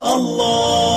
Allah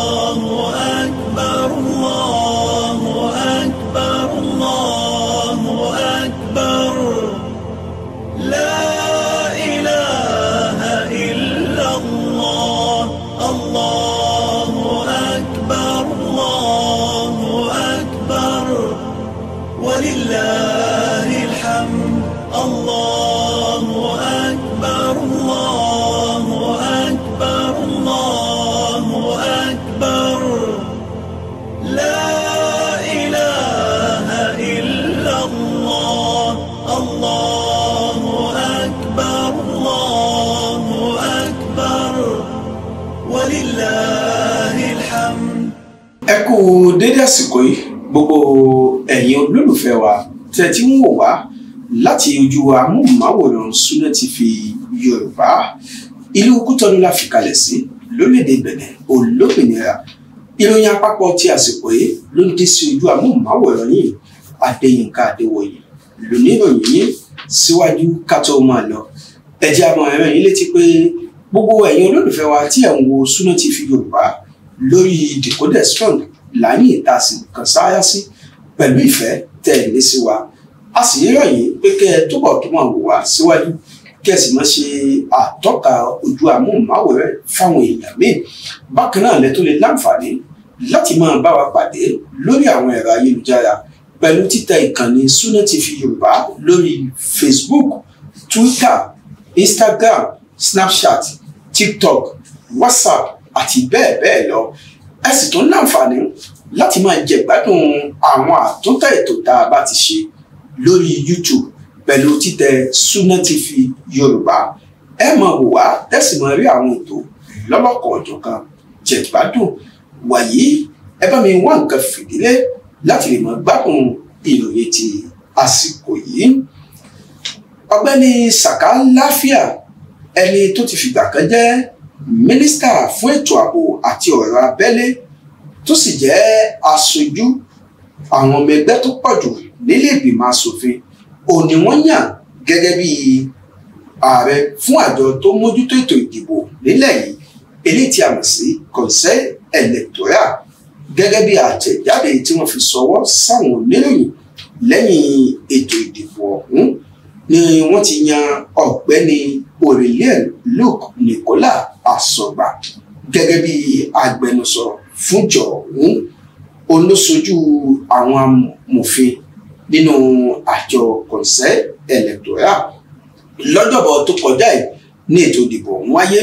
àsìkò yìí gbogbo ẹ̀yin olólùfẹ́ wa tẹ́ tí ń wò wá láti ojú amóhùnmáwòrán Sunna TV Yorùbá ìlú Kútọ́nù la fi kalẹ̀ sí lórílẹ̀‐èdè Bẹ̀nẹ̀ olómìnira ìròyìn àpapọ̀ ti àsìkò yìí ló ń dé sí ojú amóhùnmáwòrán yìí Adéyínká Adéwòyè lónìí ìròyìn yìí síwájú ká tó máa lọ ẹ jẹ́ àmọ́ ẹ̀rọ yìí létí pé gbogbo ẹ̀yin olólùfẹ́ wa tí ẹ̀ ń wo Sunna TV Yorùbá lórí decoder strong láyìn ìta sì kàn sáyà sí pẹ̀lú ìfẹ́ tẹ̀ lé sí wa a sì yẹ́rọ̀ yìí pé kẹ́ ẹ túbọ̀ tó máa wò wá síwájú kí ẹ sì máa ṣe àtọ́ka ojú amóhùnmáwòrán fáwọn èèyàn míì bákan náà lẹ́tọ́ lè láǹfààní láti máa bá wa pàdé lórí àwọn ẹ̀rọ ayélujára pẹ̀lú títa ìkànnì Sunna TV Yorùbá lórí Facebook Twitter Instagram Snapchat TikTok WhatsApp àti bẹ́ẹ̀ bẹ́ẹ̀ lọ ẹ sì tún láǹfààní láti máa jẹ ìgbádùn àwọn àtúntẹ̀ ètò tá a bá ti ṣe lórí YouTube pẹ̀lú títẹ Sunna TV Yorùbá ẹ máa wò wá tẹ́sí máa rí àwọn ètò lọ́lọ́kan ọ̀jọ̀kan jẹ ìgbádùn wàyí ẹ bá mi wá nǹkan fìdílé láti lè máa gbádùn ìròyìn ti àsìkò yìí ọ̀gbẹ́ni Sàká Láfíà ẹni tó ti fìgbà kan jẹ́ mínísítà fún ètò ààbò àti ọ̀rọ̀ abẹ́lé tó sì jẹ́ aṣojú àwọn ọmọ ẹgbẹ́ tó pọ̀ jù nílé ìgbìmọ̀ asòfin òní wọ́n yàn gẹ́gẹ́ bí ààrẹ fún àjọ tó mójútó ètò ìdìbò nílẹ̀ yìí eléyìí tí a mọ̀ sí conseil electoral gẹ́gẹ́ bí àtẹ̀jáde tí wọ́n fi sọwọ́ sáwọn oníròyìn lẹ́yìn ètò ìdìbò ọ̀hún ni wọ́n ti yan ọ̀gbẹ́ni Aurelien Luke Nicolas àsọ̀gbà gẹ́gẹ́ bí agbẹnusọ fúnjọ ọ̀hún olóṣojú àwọn amòfin nínú àjọ conseil electoral lọ́jọ́bọ̀ tó kọjá yìí ní ètò ìdìbò ọ̀hún wáyé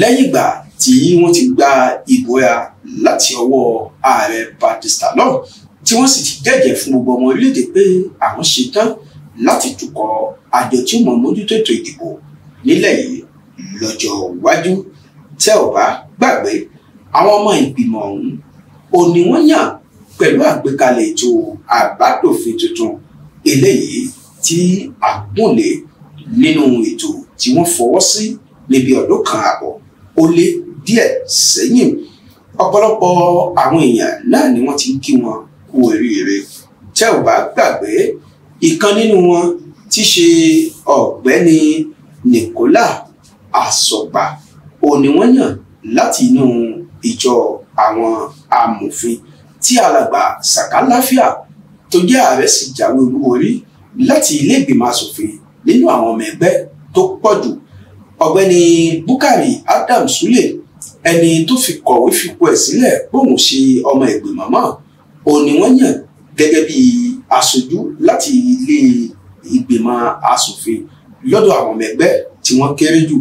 lẹ́yìn ìgbà tí wọ́n ti gba ìbúra láti ọwọ́ ààrẹ Patrice Talon tí wọ́n sì ti jẹ́jẹ́ fún gbogbo ọmọ orílẹ̀-èdè pé àwọn ṣetán láti tukọ̀ àjọ tí ó mójútó ètò ìdìbò nílẹ̀ yìí lọ́jọ́ iwájú tẹ́ ò bá gbàgbé àwọn ọmọ ìgbìmọ̀ ọ̀hún òní wọ́n yàn pẹ̀lú àgbékalẹ̀ ètò àbádòfin tuntun eléyìí tí àpọ́nlé nínú ètò tí wọ́n fọwọ́ sí níbi ọdún kan àbọ̀ ó lé díẹ̀ sẹ́yìn ọ̀pọ̀lọpọ̀ àwọn èèyàn náà ni wọ́n ti ń kí wọn kú oríire tẹ́ ò bá gbàgbé ìkan nínú wọn ti ṣe ọ̀gbẹ́ni Nicola àsọ̀gbà òní wọ́n yàn láti inú ìjọ àwọn amòfin tí alàgbà sàká láfíà tó jẹ́ ààrẹ sì jáwé olúborí láti ilé ìgbìmọ̀ asòfin nínú àwọn ọmọ ẹgbẹ́ tó pọ̀ jù ọ̀gbẹ́ni Bukari Adam Sule ẹni tó fi kọ̀wé fipò ẹ̀ sílẹ̀ bóun ṣe ọmọ ìgbìmọ̀ mọ́ òní wọ́n yàn gẹ́gẹ́ bí aṣojú láti ilé ìgbìmọ̀ asòfin lọ́dọ̀ àwọn ọmọ ẹgbẹ́ tí wọ́n kéré jù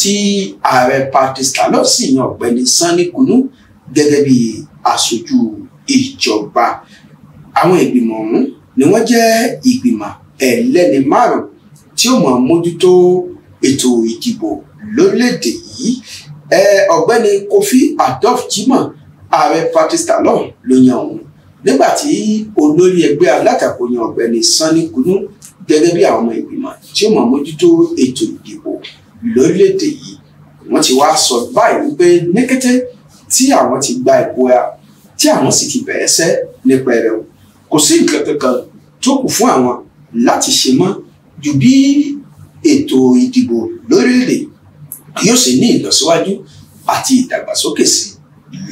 tí ààrẹ patista, Talon sì yan ọ̀gbẹ́ni Sani Kunu gẹ́gẹ́ bí aṣojú ìjọba àwọn ìgbìmọ̀ ọ̀hún ni wọ́n jẹ́ ìgbìmọ̀ ẹlẹ́ni márùn tí ó máa mójútó ètò ìdìbò lórílẹ̀‐èdè yìí ọ̀gbẹ́ni Kofi Adolf Jimoh ààrẹ Patrice Talon ló yan òun nígbà tí olórí ẹgbẹ́ alátakò yan ọ̀gbẹ́ni Sani Kunu gẹ́gẹ́ bí àwọn ọmọ ìgbìmọ̀ tí ó máa mójútó ètò ìdìbò lórílẹ̀‐èdè yìí wọ́n ti wá sọ báyìí wípé ní kété tí àwọn ti gba ipò ya tí àwọn sì ti bẹ̀rẹ̀ sẹ́ nípa ẹ̀rẹ̀ o kò sí nǹkan kankan tó kù fún àwọn láti ṣe mọ́ ju bí ètò ìdìbò lórílẹ̀‐èdè yóò ṣe ní ìlọsíwájú àti ìdàgbàsókè sí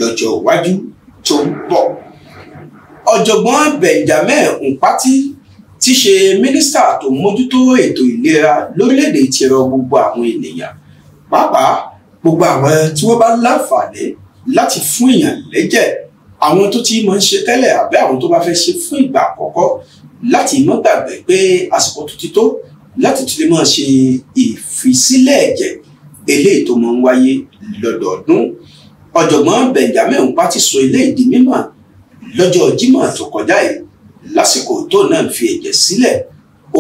lọ́jọ́ iwájú tó ń bọ̀ ọ̀jọ̀gbọ́n Benjamin Nkpati tí ṣe mínísítà tó mójútó ètò ìlera lórílẹ̀‐èdè ti rọ gbogbo àwọn ènìyàn pàápàá gbogbo àwọn tí wọ́n bá láǹfààní láti fún èèyàn lẹ́jẹ̀ àwọn tó ti máa ń ṣe tẹ́lẹ̀ àbẹ́ àwọn tó bá fẹ́ ṣe fún ìgbà àkọ́kọ́ láti má gbàgbé pé àsìkò tó ti tó láti tún lè máa ṣe ìfisílẹ̀ ẹ̀jẹ̀ eléyìí tó máa ń wáyé lọ́dọọdún ọ̀jọ̀gbọ́n Benjamin Pati sọ eléyìí di mímọ̀ lọ́jọ́ Jímọ̀ tó kọjá yìí lásìkò tó náà fi ẹ̀jẹ̀ sílẹ̀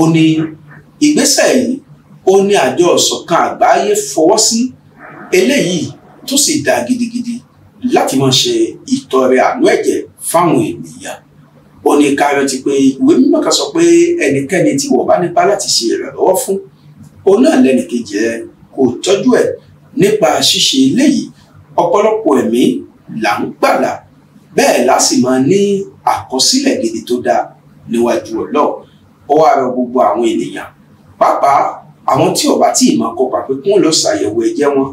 ó ní ìgbésẹ̀ yìí ó ní àjọ ìṣọ̀kan àgbáyé fọwọ́ sí eléyìí tó sì dá gidigidi láti máa ṣe ìtọrẹ àánú ẹ̀jẹ̀ fáwọn ènìyàn ó ní káyọ̀ ti pé ìwé mímọ́ kan sọ pé ẹnikẹ́ni tí wọ́n bá nípa láti ṣe ìrànlọ́wọ́ fún òun náà lẹ́nìkejì ẹ kò tọ́jú ẹ̀ nípa ṣíṣe eléyìí ọ̀pọ̀lọpọ̀ ẹ̀mí là ń gbàlà bẹ́ẹ̀ la ní àkọsílẹ̀ gidi tó dáa níwájú ọlọ́ọ̀ ó wá rọ gbogbo àwọn ènìyàn pàápàá àwọn tí ò bá tí ì máa kópa pé kún lọ ṣàyẹ̀wò ẹ̀jẹ̀ wọn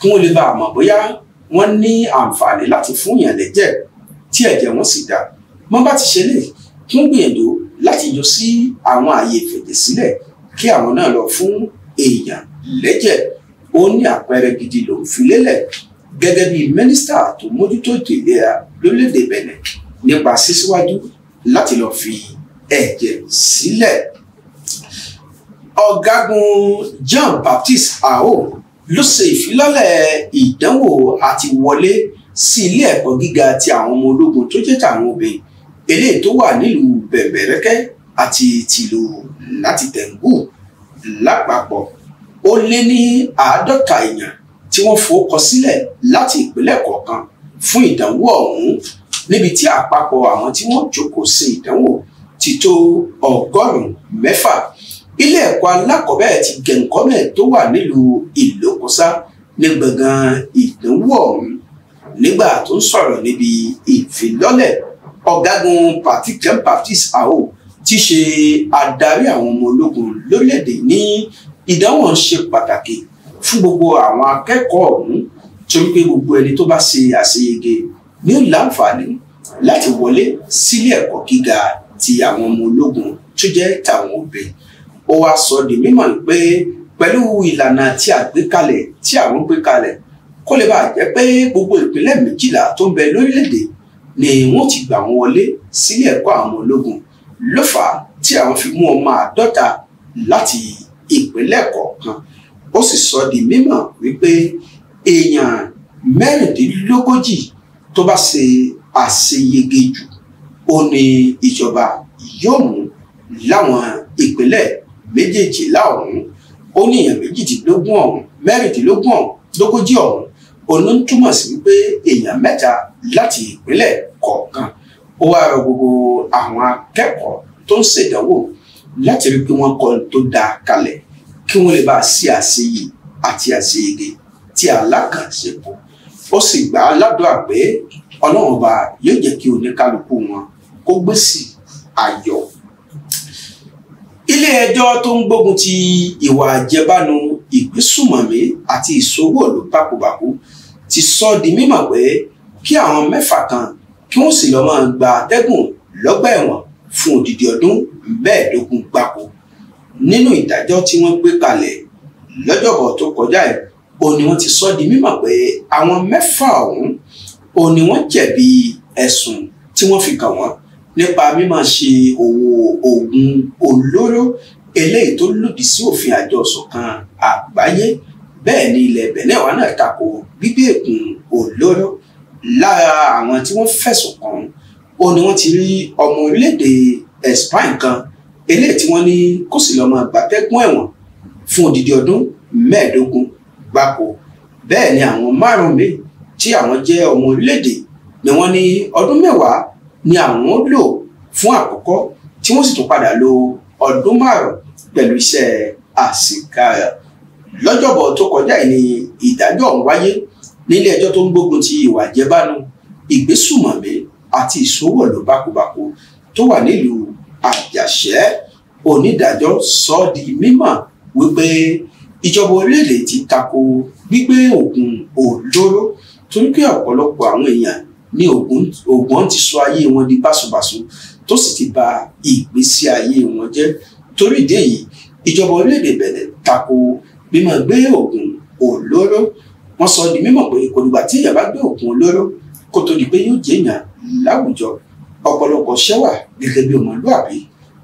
kún lè bá a mọ̀ bóyá wọ́n ní àǹfààní láti fún yàn lẹ́jẹ̀ tí ẹ̀jẹ̀ wọn sì dáa mọ́ bá ti ṣe lè kún gbìyànjú láti yọ sí àwọn ààyè ìfẹ̀jẹ̀ sílẹ̀ kí àwọn náà lọ fún èèyàn lẹ́jẹ̀ ó ní àpẹẹrẹ gidi lòún fi lélẹ̀ gẹ́gẹ́ bí mínísítà tó mójútó ètò ìlera lórílẹ̀‐èdè nípa sísíwájú láti lọ fi ẹ̀jẹ̀ sílẹ̀ ọ̀gágun John Baptist Aho ló ṣe ìfilọ́lẹ̀ ìdánwò àti wọlé sí ilé ẹ̀kọ́ gíga ti àwọn ọmọ ológun tó jẹ́ tàwọn obìnrin eléyìí tó wà nílùú bẹ̀bẹ̀rẹ́kẹ́ àti tìlú láti tẹ̀ǹgù lápapọ̀ ó lé ní àádọ́ta èèyàn tí wọ́n forúkọ sílẹ̀ láti ìpínlẹ̀ kọ̀ọ̀kan fún ìdánwò ọ̀hún níbi tí àpapọ̀ àwọn tí wọ́n jókòó ṣe ìdánwò ti tó ọgọ́rùn-ún mẹ́fà ilé ẹ̀kọ́ alákọ̀ọ́bẹ̀rẹ̀ ti gẹ̀ǹkọ́mẹ̀ tó wà nílùú ìlókùsá ní gbọ̀ngàn ìdánwò ọ̀hún nígbà tó ń sọ̀rọ̀ níbi ìfilọ́lẹ̀ ọ̀gágun Patrick Baptist Aho ti ṣe adarí àwọn ọmọ ológun lórílẹ̀‐èdè ní ìdánwò ṣe pàtàkì fún gbogbo àwọn akẹ́kọ̀ọ́ ọ̀hún torí pé gbogbo ẹni tó bá ṣe àṣeyege ni ó láǹfààní láti wọlé sílé ẹ̀kọ́ gíga ti àwọn ọmọ ológun tó jẹ́ tàwọn obìnrin ó wá sọ di mímọ̀ pé pẹ̀lú ìlànà tí a gbé tí àwọn gbé kalẹ̀ kó lè bàa jẹ́ pé gbogbo ìpínlẹ̀ méjìlá tó ń bẹ lórílẹ̀‐èdè ni wọ́n ti gbà wọ́n wọlé sílé ẹ̀kọ́ àwọn ọmọ ológun ló fà á tí àwọn fi mú ọmọ àádọ́ta láti ìpínlẹ̀ kọ̀ọ̀kan ó sì sọ di mímọ̀ wípé èèyàn mẹ́rìndínlógójì tó bá ṣe àṣeyege jù ó ní ìjọba yóò mú láwọn ìpínlẹ̀ méjèèjìlá ọ̀hún ó ní èèyàn méjìdínlógún ọ̀hún mẹ́rìndínlógún ọ̀hún lógójì ọ̀hún òun ń túmọ̀ sí wípé èèyàn mẹ́ta láti ìpínlẹ̀ kọ̀ọ̀kan ó wá rọ gbogbo àwọn akẹ́kọ̀ọ́ tó ń ṣèdánwò láti rí pé wọ́n kọ́ tó dáa kalẹ̀ kí wọ́n lè bá a ṣe àṣeyè àti àṣeyege tí alákànṣepọ̀ ó sì gbà á ládùúgbà pé ọlọ́run ọba yóò jẹ́ kí oníkálukú wọn kó gbèsè ayọ̀ ilé ẹjọ́ tó ń gbógun ti ìwà àjẹbánu ìgbésùmọ̀mí àti ìṣòwò ìlú bákubàku ti sọ di mímọ̀ pé kí àwọn mẹ́fà kan kí wọ́n sì lọ́ọ́ máa gba àtẹ́gùn lọ́gbà ẹ̀wọ̀n fún odidi ọdún mẹ́ẹ̀ẹ́dógún gbáko nínú ìdájọ́ tí wọ́n gbé kalẹ̀ lọ́jọ́bọ̀ tó kọjá ẹ̀ òun ni wọ́n ti sọ di mímọ̀ pé àwọn mẹ́fà ọ̀hún òun ni wọ́n jẹ̀bi ẹ̀sùn tí wọ́n fi kàn wọ́n nípa mímọ̀ ṣe òwò oògùn olóró eléyìí tó lòdì sí òfin àjọ ìṣọ̀kan àgbáyé bẹ́ẹ̀ ni ilẹ̀ Benin wa náà tako gbígbèkùn olóró lára àwọn tí wọ́n fẹ̀sùn kàn ó ní wọ́n ti rí ọmọ orílẹ̀-èdè Spain kan eléyìí tí wọ́n ní kó sì lọ́ọ́ máa ẹ̀wọ̀n fún odidi ọdún mẹ́ẹ̀ẹ́dógún gbáko bẹ́ẹ̀ ni àwọn márùn-ún míì tí àwọn jẹ́ ọmọ orílẹ̀-èdè ni wọ́n ní ọdún mẹ́wàá ni àwọn lò fún àkọ́kọ́ tí wọ́n sì tún padà lo ọdún márùn pẹ̀lú iṣẹ́ àṣekára lọ́jọ́bọ̀ tó kọjá yìí ni ìdájọ́ ọ̀hún wáyé nílé ẹjọ́ tó ń gbógun ti ìwà àjẹbánu ìgbésùmọ̀mí àti ìṣòwòlò bákubàku tó wà nílùú àjàṣẹ́ onídàájọ́ sọ di mímọ̀ wípé ìjọba orílẹ̀-èdè ti tako gbígbé oògùn olóró torí pé ọ̀pọ̀lọpọ̀ àwọn èèyàn ní oògùn ti sọ ayé wọn di báṣubàṣu tó sì ti ba ìgbésí ayé wọn jẹ́ torí ìdí èyí ìjọba orílẹ̀-èdè bẹ̀rẹ̀ tako mímọ́ gbé oògùn olóró wọ́n sọ di mímọ̀ pé kò dùgbà tí èèyàn bá gbé oògùn olóró kó tó di pé yóò jẹ́ èèyàn láwùjọ ọ̀pọ̀lọpọ̀ ṣẹ́wà gẹ́gẹ́ bí ọmọlúàbí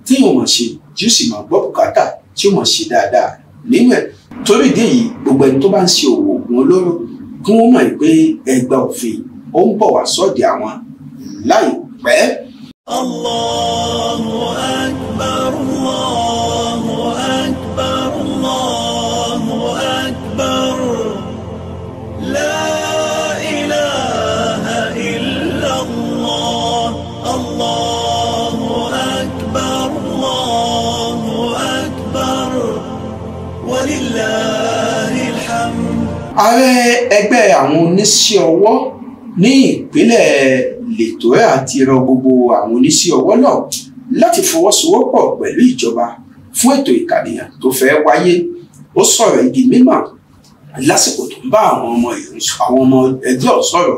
tí yóò mọ̀ ṣe tí ó sì mọ̀ gbọ́ bùkátà tí ó mọ̀ ṣe dáadáa níbẹ̀ torí ìdí èyí gbogbo ẹni tó bá ń ṣe òwò ògùn olóró kí wọ́n mọ̀ pé ẹgbẹ́ òfin ó ń bọ̀ wá sọ́ọ̀dì àwọn láìpẹ́. Allahu akbar Allah. ẹgbẹ́ àwọn oníṣẹ́ ọwọ́ ní ìpínlẹ̀ lẹ́tọ́ẹ́ àti rọ gbogbo àwọn oníṣẹ́ ọwọ́ náà láti fọwọ́sowọ́pọ̀ pẹ̀lú ìjọba fún ètò ìkànìyàn tó fẹ́ wáyé ó sọ̀rọ̀ ìdí mímọ̀ lásìkò tó ń bá àwọn ọmọ àwọn ọmọ ẹgbẹ́ ọ̀ sọ̀rọ̀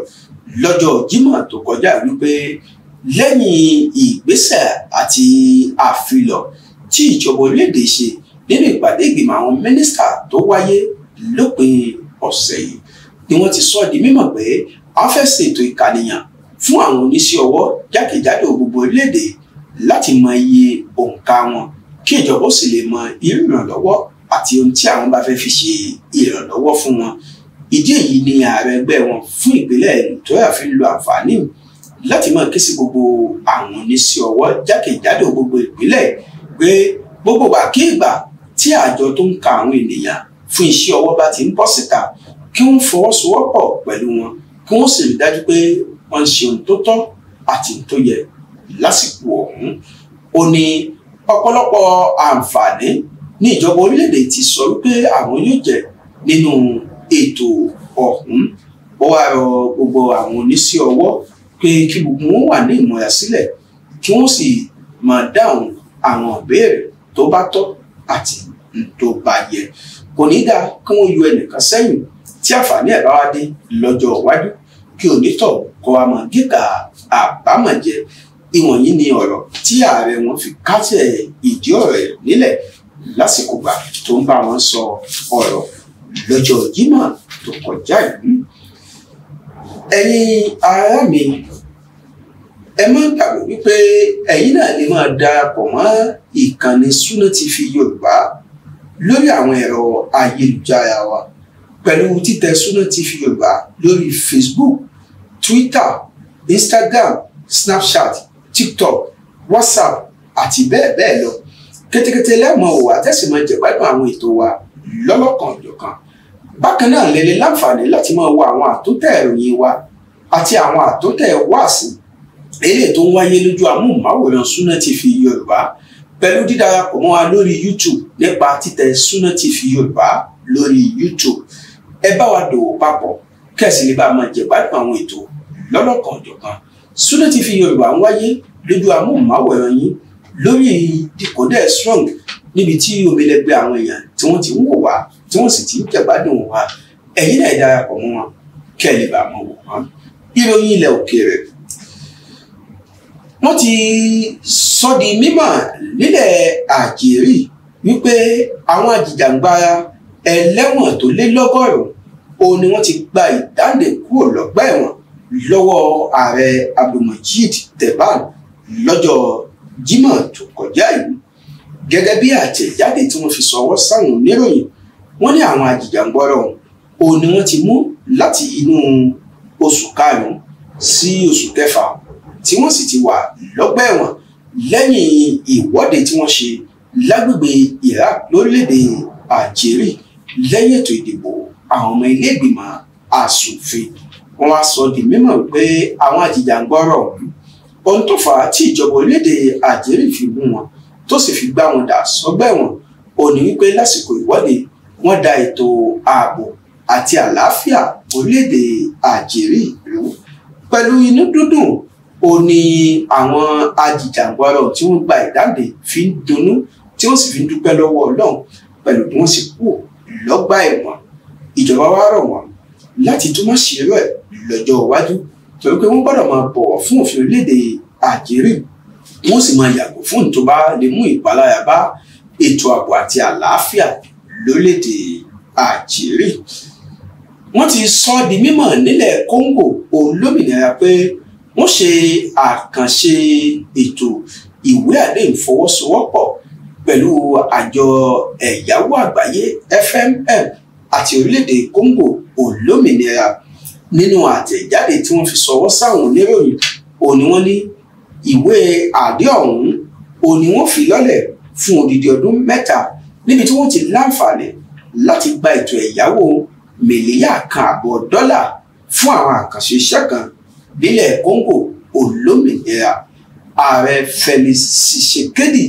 lọ́jọ́ Jímọ̀ tó kọjá wípé lẹ́yìn ìgbésẹ̀ àti àfilọ̀ tí ìjọba orílẹ̀-èdè ṣe nínú ìpàdé ìgbìmọ̀ àwọn mínísítà tó wáyé lópin ọ̀sẹ̀ yìí ni wọ́n ti sọ di mímọ̀ pé àwọn fẹ́ ṣètò ìkànìyàn fún àwọn oníṣẹ́ ọwọ́ jákèjádò gbogbo orílẹ̀-èdè láti mọ iye òǹkà wọn kí ìjọba ó sì lè mọ irú ìrànlọ́wọ́ àti ohun tí àwọn bá fẹ́ fi ṣe ìrànlọ́wọ́ fún wọn ìdí èyí ni ààrẹ ẹgbẹ́ wọn fún ìpínlẹ̀ nìtọ́yà fi ń lo àǹfààní láti máa ké sí gbogbo àwọn oníṣẹ́ ọwọ́ jákèjádò gbogbo ìpínlẹ̀ pé gbogbo ìgbàkigbà tí àjọ tó ń ka àwọn ènìyàn fún iṣẹ́ ọwọ́ bá ti ń bọ́ síta kí wọ́n fọwọ́sowọ́pọ̀ pẹ̀lú wọn kí wọ́n sì rí dájú pé wọ́n ṣe ohun tó tọ́ àti ohun tó yẹ lásìkò ọ̀hún ó ní ọ̀pọ̀lọpọ̀ àǹfààní ní ìjọba orílẹ̀-èdè ti sọ wípé àwọn yóò jẹ nínú ètò ọ̀hún ó wá rọ gbogbo àwọn oníṣẹ́ ọwọ́ pé kí gbogbo wọn wà ní ìmọ̀ra sílẹ̀ kí wọ́n sì máa dáhùn àwọn ìbéèrè tó bá tọ́ àti tó bá yẹ kò ní dáa kí wọ́n yọ ẹnìkan sẹ́yìn tí àǹfààní ẹ̀ bá wá dé lọ́jọ́ iwájú kí onítọ̀ kọ́ wa mọ̀ gíga àbámọ̀ ìwọ̀nyí ni ọ̀rọ̀ tí ààrẹ wọn fi kásẹ̀ ìdí ọ̀rọ̀ ẹ̀ nílẹ̀ lásìkò gbà tó ń bá wọn sọ ọ̀rọ̀ lọ́jọ́ Jímọ̀ tó kọjá yìí ẹ̀yin ará mi ẹ má gbàgbé wípé ẹ̀yin náà lè máa darapọ̀ mọ́ ìkànnì Sunna TV Yorùbá lórí àwọn ẹ̀rọ ayélujára wa pẹ̀lú títẹ Sunna TV Yorùbá lórí Facebook Twitter Instagram Snapchat TikTok WhatsApp àti bẹ́ẹ̀ bẹ́ẹ̀ lọ kétékété lẹ́mọ̀ ò àtẹ̀sìmọ̀ jẹ̀gbádùn àwọn ètò wa lọ́lọ́kanòjọ̀kan bákan náà lẹ́lẹ́ láǹfààní láti máa wo àwọn àtúntẹ̀ ìròyìn wa àti àwọn àtúntẹ̀ wáàsí eléyìí tó ń wáyé lójú amóhùnmáwòrán Sunna TV Yorùbá pẹ̀lú dídarapọ̀ mọ́ wa lórí YouTube nípa títẹ̀ Sunna TV Yorùbá lórí YouTube ẹ bá wa dòwò papọ̀ kẹ́sì lè bá a máa jẹ gbádùn àwọn ètò lọ́lọ́kan ọ̀jọ̀kan Sunna TV Yorùbá ń wáyé lójú amóhùnmáwòrán yín lórí decoder strong níbi tí omilẹgbẹ àwọn èèyàn tí wọ́n ti ń wò wá tí wọ́n sì ti ń jẹgbádùn wa ẹ̀yin náà darapọ̀ mọ́ wọn kẹ́ ẹ lè bá a máa wò wọ́n ìròyìn ilẹ̀ òkèèrè wọ́n ti sọ di mímọ̀ nílẹ̀ àjèrí wípé àwọn àjìjàǹgbara ẹlẹ́wọ̀n tó lé lọ́gọ́rùn-ún òun ni wọ́n ti gba ìdáǹdè kúrò lọ́gbà ẹ̀wọ̀n lọ́wọ́ ààrẹ abdulmajid tẹ̀bán lọ́jọ́ jímọ̀ tó kọjá yìí gẹ́gẹ́ bí àtẹ̀jáde tí wọ́n fi sọ̀wọ́ sáwọn oníròyìn wọ́n ní àwọn àjìjàǹgbọ́rọ̀ òun ni wọ́n ti mú láti inú oṣù karùn-ún sí oṣù kẹfà tí wọ́n sì ti wà lọ́gbà ẹ̀wọ̀n lẹ́yìn ìwọ́de tí wọ́n ṣe lágbègbè iraq lórílẹ̀‐èdè algeria lẹ́yìn ètò ìdìbò àwọn ọmọ ilé ìgbìmọ̀ asòfin wọn wá sọ di mímọ̀ pé àwọn àjìjàngbọrọ ohun tó fà á tí ìjọba orílẹ̀-èdè àjẹrí fi mú wọn tó sì fi gbá wọn dà sọ́gbà ẹ̀wọ̀n ò ní wípé lásìkò ìwọ́de wọ́n da ètò ààbò àti àlàáfíà orílẹ̀-èdè àjẹrí ìlú pẹ̀lú inú dúdùn ó ní àwọn ajìjàngbọrọ tí wọ́n gba ìdáǹdè fi ń dunnú tí wọ́n sì fi ń dúpẹ́ lọ́wọ́ Ọlọ́run pẹ̀lú bí wọ́n sì kú lọ́gbà ẹ̀wọ̀n ìjọba wa rọ̀ wọ́n láti tún máa ṣerú ẹ̀ lọ́jọ́ iwájú torí pé wọ́n gbọ́dọ̀ máa bọ̀wọ̀ fún òfin orílẹ̀-èdè àjẹrí wọ́n sì máa yàgò fún ní tó bá lè mú ìpalára bá ètò ààbò àti àlàáfíà lórílẹ̀-èdè àjẹrí wọ́n ti sọ ọ́ di mímọ̀ nílẹ̀ Kóńgò olómìnira pé wọ́n ṣe àkànṣe ètò ìwé àdéhùn fọwọ́sowọ́pọ̀ pẹ̀lú àjọ ẹ̀yáwó eh, àgbáyé FMM àti orílẹ̀-èdè Congo olómìnira nínú àtẹ̀jáde tí wọ́n fi sọwọ́ sáwọn oníròyìn ò ní wọ́n ní ìwé àdé ọ̀hún ò ní wọ́n fi lọ́lẹ̀ fún odidi ọdún mẹ́ta níbi tí wọ́n ti láǹfààní láti gba ètò ẹ̀yáwó mílíà kan àbọ̀ dọ́là fún àwọn àkànṣe iṣẹ́ kan nílẹ̀ Congo olómìnira ààrẹ Fẹ́mi Tshisekedi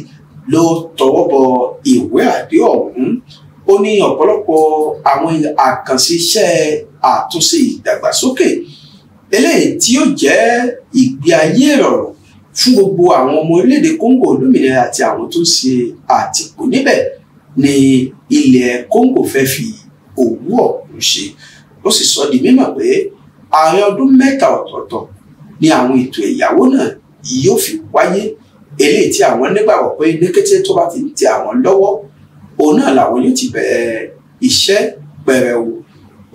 ló tọwọ́ bọ ìwé àdé ọ̀hún ó ní ọ̀pọ̀lọpọ̀ àwọn àkànṣe iṣẹ́ àtúnṣe ìdàgbàsókè eléyìí tí yóò jẹ́ ìgbé ayé ìrọ̀rùn fún gbogbo àwọn ọmọ orílẹ̀-èdè Congo olómìnira àti àwọn tó ń ṣe àtìkù níbẹ̀ ni ilẹ̀ Congo fẹ́ fi òwú ọ̀hún ṣe ó sì sọ di mímọ̀ pé àárín ọdún mẹ́ta ọ̀tọ̀ọ̀tọ̀ ni àwọn ètò ẹ̀yáwó náà yóò fi wáyé eléyìí tí àwọn nígbàgbọ́ pé ní kété tó bá ti tẹ àwọn lọ́wọ́ òun náà làwọn yóò ti bẹ̀rẹ̀ iṣẹ́ pẹ̀rẹ̀wò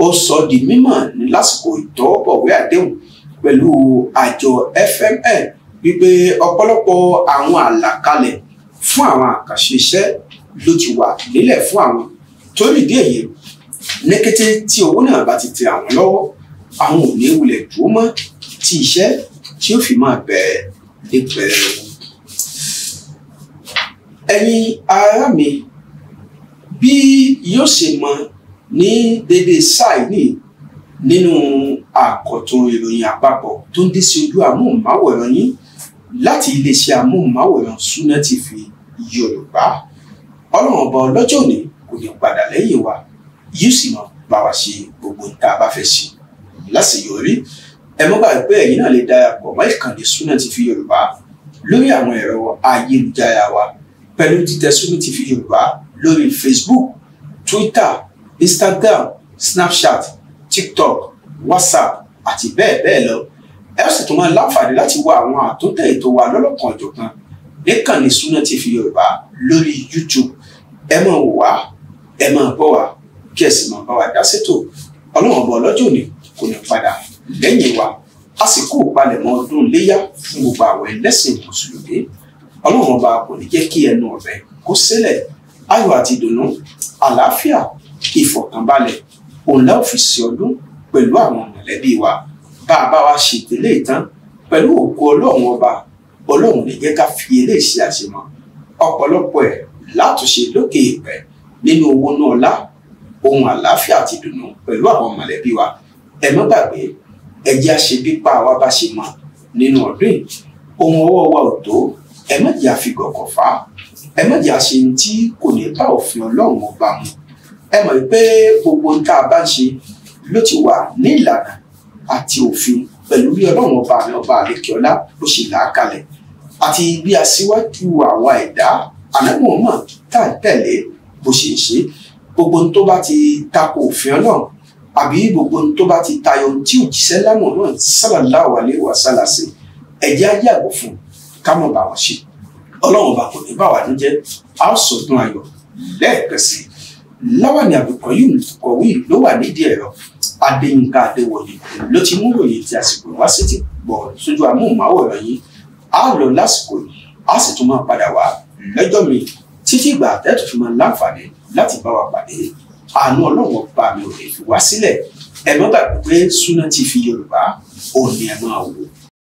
ó sọ di mímọ̀ ní lásìkò ìtọ́wọ́bọ̀wé àdéhùn pẹ̀lú àjọ FMN wípé ọ̀pọ̀lọpọ̀ àwọn àlàkalẹ̀ fún àwọn àkànṣe iṣẹ́ ló ti wà nílẹ̀ fún àwọn torí ìdí èyí ní kété tí owó náà bá ti tẹ àwọn lọ́wọ́ àwọn ò ní wulẹ̀ dúró mọ́ tí iṣẹ́ tí ó fi máa bẹ̀rẹ̀ ní pẹ̀rẹ̀wò ẹ̀yin ará mi bí yóò ṣe mọ ní dédé sáì ní nínú àkọ̀tún ìròyìn àpapọ̀ tó ń dé sí ojú amóhùnmáwòrán yín láti iléeṣẹ́ amóhùnmáwòrán Sunna TV Yorùbá ọlọ́run ọba ọlọ́jọ́ òní kò ní padà lẹ́yìn wa yóò sì máa bá wa ṣe gbogbo nǹkan a bá fẹ́ ṣe láṣeyọrí ẹ mọ́ báyìí pé ẹ̀yin náà lè darapọ̀ mọ́ ìkànnì Sunna TV Yorùbá lórí àwọn ẹ̀rọ ayélujára wa pẹ̀lú títẹ Sunny TV Yorùbá lórí Facebook Twitter Instagram Snapchat TikTok WhatsApp àti bẹ́ẹ̀ bẹ́ẹ̀ lọ ẹ sì tún máa láǹfààní láti wo àwọn àtúntẹ̀ ètò wa lọ́lọ́kan ọ̀jọ̀kan níkànnì Sunny TV Yorùbá lórí YouTube ẹ máa wò wá ẹ máa bọ̀ wá kí ẹ sì máa bá wa dá sétò ọlọ́run ọ̀bọ̀ ọlọ́jọ́ òní kò ní padà lẹ́yìn wa àsìkò ìpalẹ̀mọ́ ọdún léyà fún gbogbo àwọn ẹlẹ́sìn mùsùlùmí ọlọ́run ọba kò ní jẹ́ kí ẹnu ọ̀rẹ́ kó sílẹ̀ ayọ̀ àti ìdùnnú àlàáfíà ìfọ̀kànbalẹ̀ òun la ó fi ṣe ọdún pẹ̀lú àwọn mọ̀lẹ́bí wa bá a bá wa ṣètìlé ìtàn pẹ̀lú ògo ọlọ́run ọba ọlọ́run lè jẹ́ ká fi eléyìí ṣe àṣemọ́ ọ̀pọ̀lọpọ̀ ẹ̀ látúnṣe lókè ìpẹ́ nínú owó náà lá ohun àlàáfíà àti ìdùnnú pẹ̀lú àwọn mọ̀lẹ́bí wa ẹ má gbàgbé ẹ jẹ́ àṣebípa wa bá ṣe mọ́ nínú ọdún yìí ohun ọwọ́ wa ò tó ẹ má jẹ́ àfigọ̀ kọ̀fà ẹ má jẹ́ àṣe tí kò ní bá òfin ọlọ́run ọba mu ẹ mọ̀ pé gbogbo ohun tá a bá ń ṣe ló ti wà ní ìlànà àti òfin pẹ̀lú bí ọlọ́run ọba mi ọba àlekèọlá bó ṣe là á kalẹ̀ àti bí aṣíwájú àwa ẹ̀dá ànámọ̀ọ́mọ̀ tá à ń tẹ̀lé bó ṣe ń ṣe gbogbo ohun tó bá ti tako òfin ọlọ́run àbí gbogbo ohun tó bá ti tayọ tí òjíṣẹ́ lámọ̀ náà sallallahu alaihi wasallam ẹ̀jẹ̀ á yàgò fún un ká mọ̀ bá wọn ṣe ọlọ́run bá kò ní bá wa ló jẹ́ a ó sọdún ayọ̀ lẹ́ẹ̀kan sí Láwàní Abdulqoyum Kọ̀wí ló wà nídìí ẹ̀rọ Adéyínká Adéwọlé ló ti mú ròyìn ti àsìkò wá sí ti gbọ̀ sójú amóhùnmáwòrán yìí a lọ lásìkò yìí a sì tún máa padà wá lọ́jọ́ mi títí ìgbà tẹ́tù fi máa láǹfààní láti bá wa pàdé àánú ọlọ́run ọba mi ò lè fi wá sílẹ̀ ẹ gbàgbé pé Sunna TV Yorùbá òun ni máa wò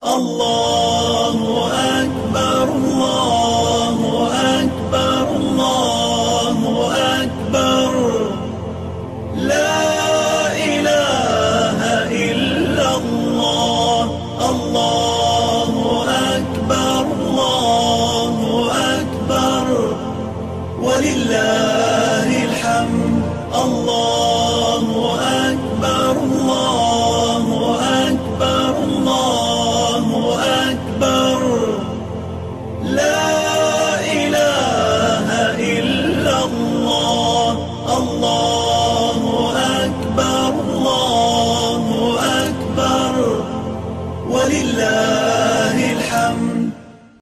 الله أكبر الله